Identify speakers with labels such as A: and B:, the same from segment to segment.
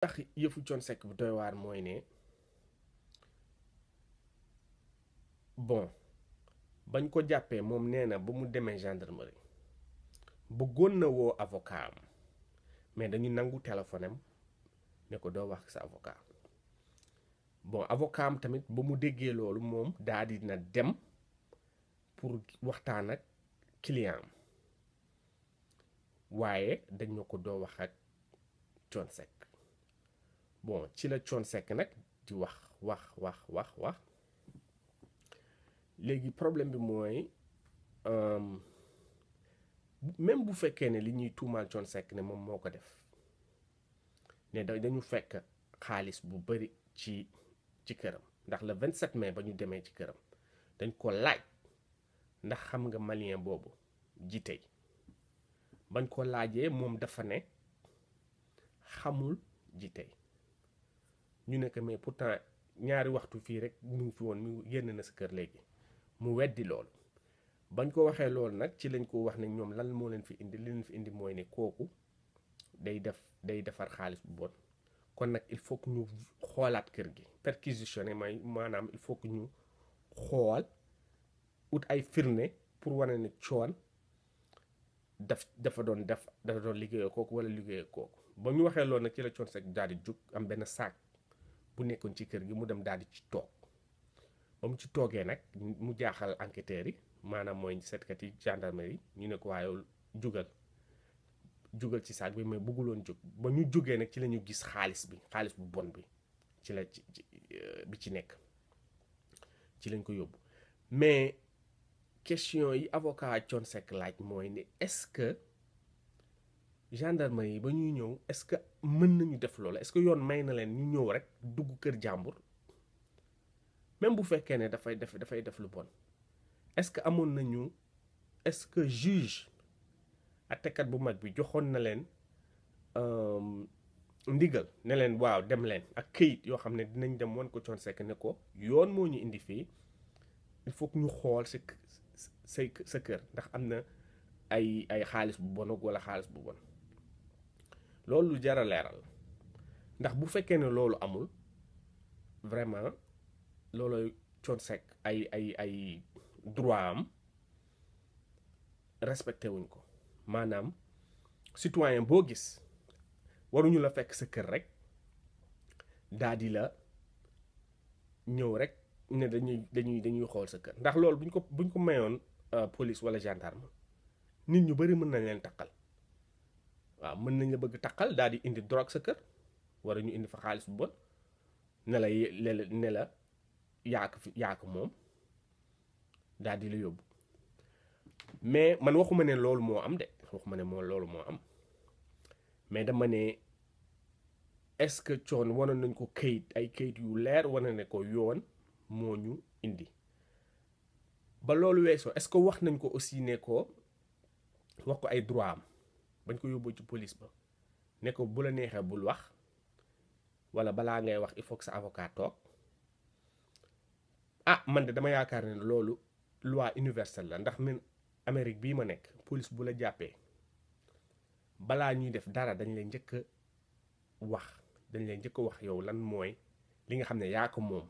A: tax yëfu Thione Seck bu mooy ne bon bañ ko jàppee moom nee na ba mu demee gendarmerie bëggoon na woo avocat am mais dañu nangu téléphone am ne ko doo wax sa avocat bon avocat am tamit ba mu déggee loolu moom daa na dem pour waxtaan ak client am waaye dañ na ko doo wax ak Thione Seck bon ci la coon sec di wax wax wax wax wax problème bi euh même bu fekkee ne li ñuy tuumaal des sec ne mom moko def ne dañu fekk bu bari ci ci ndax le 27 mai bañu démé ci këram dañ ko laaj ndax xam nga malien ñu ne que mais pourtant ñaari waxtu fii rek mu ngi fi woon mu génn na sa kër léegi mu weddi loolu bañ ko waxee loolu nag ci lañ ko wax ne ñoom lan moo leen fi indi leen fi indi mooy ne kooku day def day defar xaalis bu bon kon nag il faut ñu xoolaat kër gi perquisitionné mooy maanaam il faut ñu xool ut ay firnde pour wane ne coon daf dafa doon def dafa doon liggéeyoo kooku wala liggéeyoo kooku ba ñu waxee loolu nag ci la coon sax daal di jug am benn saak bu nekkoon ci kër gi mu dem daal di ci toog ba mu ci toogee nag mu jaaxal enquêteurs yi maanaam mooy setkat yi gendarmerie ñu ne ko waaye jógal jugal ci saak bi mais bëgguloon jóg ba ñu jógee nag ci la ñu gis xaalis bi xaalis bu bon bi ci la ci euh, bi ci nekk ci lañ ko yóbbu mais question yi avocation Thione Seck laaj mooy ni est-ce que gendarme yi ba ñuy ñëw est-ce que mën nañu def loolu est-ce que yoon may na leen ñu ñëw rek dugg kër jàmbur même bu fekkee ne dafay def dafay def lu bon est-ce que amoon nañu est-ce que juge àttekat bu mag bi joxoon na leen euh, ndigal ne leen waaw dem leen ak këyit yoo xam ne dinañ dem wan ko Thione ne ko yoon moo ñu indi fii il faut ñu xool sa sa kër ndax am na ay ay xaalis bu bon ak walla xaalis bu bon. loolu lu jar a leeral ndax bu fekkee ne loolu amul vraiment loolooy Thione Seck ay ay ay droit am respecté wuñ ko maanaam citoyen boo gis waruñu la fekk sa kër rek daa la ñëw rek ne dañuy dañuy dañuy xool sa kër ndax loolu buñ ko bu buñ ko mayoon euh, police walla gendarme nit ñu bari mën nañ leen taqal waaw mën nañ la bëgg taqal daal di indi drogue sa kër wala ñu indi fa xaalis bu bon ne la ne la yaak fi yaak moom daal di la yóbbu mais man waxuma ne loolu moo am de waxuma ne moo loolu moo am mais dama ne est-ce que coon wane nañ ko kayit ay kayit yu leer wane ne ko yoon moo ñu indi ba loolu weesoo est-ce que wax nañ ko aussi ne ko wax ko ay droit am bañ ko yóbbu ci police ba ne ko bu la neexee bul wax wala balaa ngay wax il faut que sa avocat toog ah man de dama yaakaar ne loolu loi universal la ndax min Amérique bii ma nekk police bu la jàppee balaa ñuy def dara dañ lay njëkk a wax dañ lay njëkk a wax yow lan mooy li nga xam ne yaa ko moom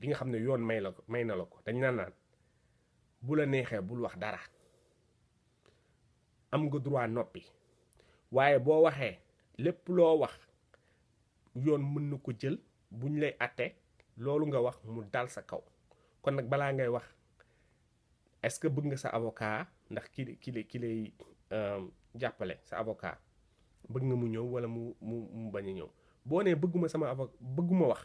A: li nga xam ne yoon may la ko may na la ko dañ la naan bu la neexee bul wax dara am nga droit nopi waaye bo waxe lepp lo wax yoon mën na ko jël buñ lay atté loolu nga wax mu dal sa kaw kon nak bala ngay wax est-ce que bëgg nga sa avocat ndax ki ki ki lay euh, jappalé sa avocat bëgg nga mu ñëw wala mu mu baña ñëw bo né bëgguma sama avocat bëgguma wax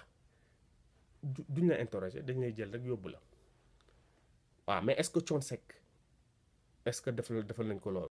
A: duñ la interroger dañ lay jël rek yobula wa mais est-ce que chon sec est-ce que defal defal nañ ko lool